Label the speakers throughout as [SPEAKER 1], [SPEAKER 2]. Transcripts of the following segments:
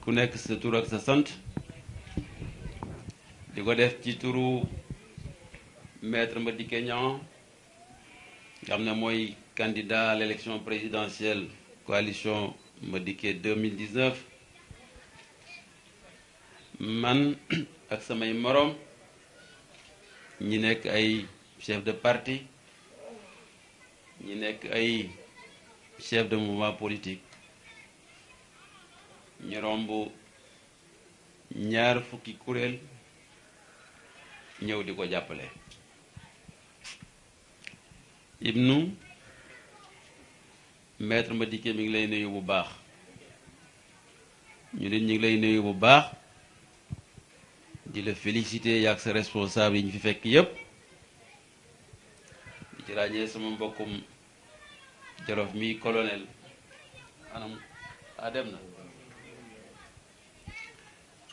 [SPEAKER 1] ku nekk sa de sa sant di maître Madické Niang nga candidat à l'élection présidentielle coalition Madické 2019 man ak samay chef de parti ñi Aïe, chef de mouvement politique ñu romb ñaar fukki kuréel ñëw di ko jàppale ibnu ma Madické mi ngi lay nuyu bu baax ñu nit ñi ngi lay nuyu bu baax di la félicité yaag sa responsable yi ñu fi fekk yépp di ci ràññee sama mbokkum jorof mi colonel anam a ah, dem na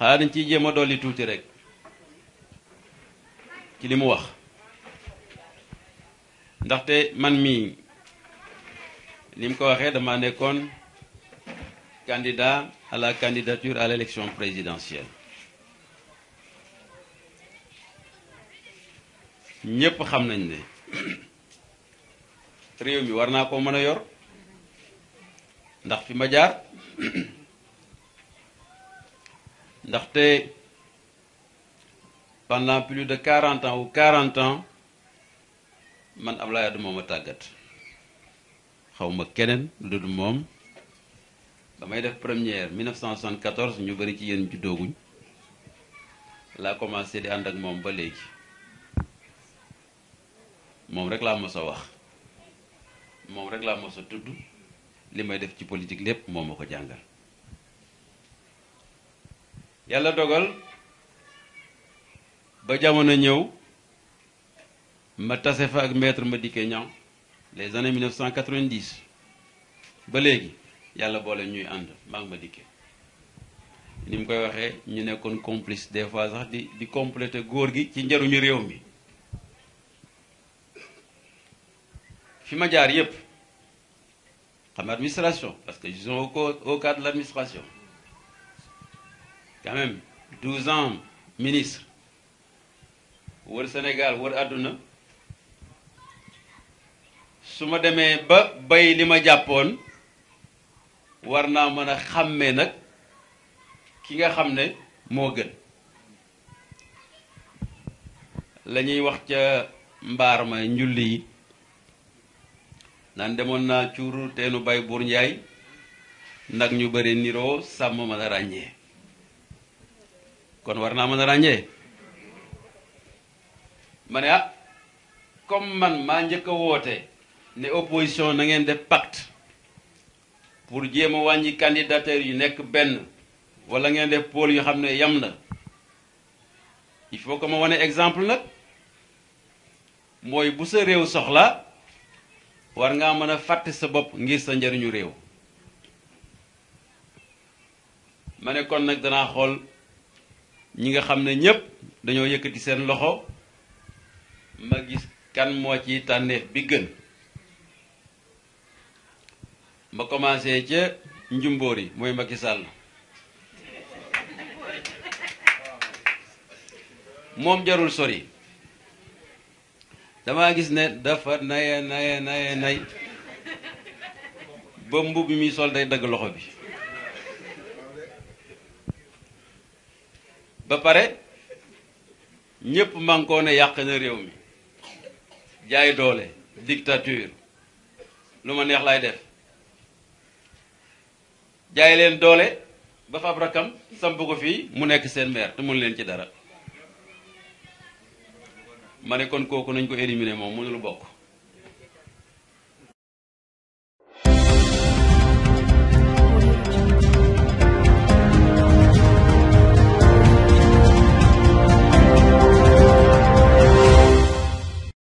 [SPEAKER 1] xanaa dañ ciy jéem a dolli tuuti rek ci li mu wax ndaxte man mii ni mu ko waxee dama nekkoon candidat à la candidature à l'élection présidentielle ñépp xam nañ ne réew mi war naa ko mën a yor ndax fi ma jaar ndaxte pendant plus de quarante ans ou quarante ans man Ablaye Wade moom a tàggat xawma keneen lu dul moom damay def première 1974 ñu bëri ci yéen juddooguñ laa commencé di ànd ak moom ba léegi moom rek laa mos a wax moom rek laa mos a tudd li may def ci politique lépp moom ma ko jàngal. Il dogal ba jamono ñew ma tassé fa ak maître diké les années 1990 ba légui yalla bolé ñuy and ma ngi koy ñu complice des fois sax di di compléter góor gi ci ñu réew mi ma jaar yépp xam administration parce que je au cadre de l'administration quand même 12 ans ministre wër Sénégal wër àdduna su ma demee ba bay li ma jàppoon war naa mën a xàmmee nag ki nga xam ne moo gën la ñuy wax ca mbaar ma njulli yi naan demoon naa cuuru teenu bay buur njaay nag ñu bare niroo sàmm ma la ràññee kon war naa mën a ràññee ma ne ah comme man maa njëkk a woote ne opposition nangeen def pacte pour jéem a wàññi candidature yu nekk benn wala ngeen def pôle yu xam ne yam na il faut que ma wane exemple nag mooy bu sa réew soxla war ngaa mën a fàtte sa bopp ngir sa njëriñu réew ma ne kon nag danaa xool ñi nga xam ne ñëpp dañoo yëkkati seen loxo ma gis kan moo ci tànneef bi gën ma commencé ca njumboor yi mooy Macky Sall moom jarul sori dama gis ne dafa naye naye naye nay ba mbub mi sol day dagg loxo bi ba pare ñépp mànkoo ne yàq na réew mi jaay doole dictature lu ma neex laay def jaay leen doole ba fab rakkam samp ko fii mu nekk seen maire te mun leen ci dara ma ne kon kooku nañ ko éliminer moom mënul bokk